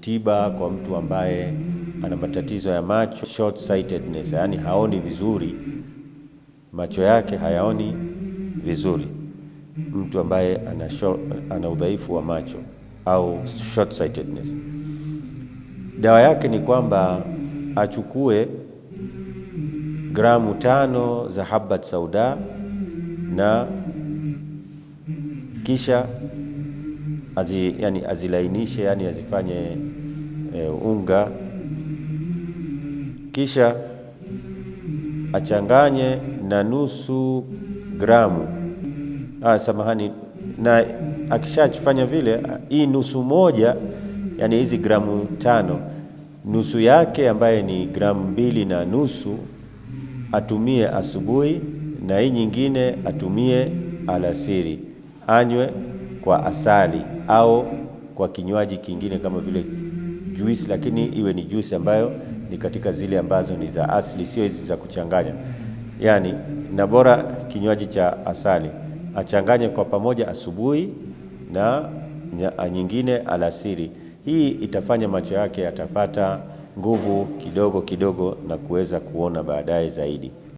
Tiba kwa mtu ambaye ana matatizo ya macho short sightedness, yaani haoni vizuri, macho yake hayaoni vizuri. Mtu ambaye ana, ana udhaifu wa macho au short sightedness, dawa yake ni kwamba achukue gramu tano za habat sauda na kisha azi, yani azilainishe yani azifanye e, unga, kisha achanganye na nusu gramu ah, samahani, na akishachifanya vile, hii nusu moja yani hizi gramu tano nusu yake ambaye ni gramu mbili na nusu atumie asubuhi na hii nyingine atumie alasiri, anywe kwa asali au kwa kinywaji kingine kama vile juisi, lakini iwe ni juisi ambayo ni katika zile ambazo ni za asili, sio hizi za kuchanganya. Yani na bora kinywaji cha asali achanganye kwa pamoja asubuhi na nyingine alasiri. Hii itafanya macho yake yatapata nguvu kidogo kidogo na kuweza kuona baadaye zaidi.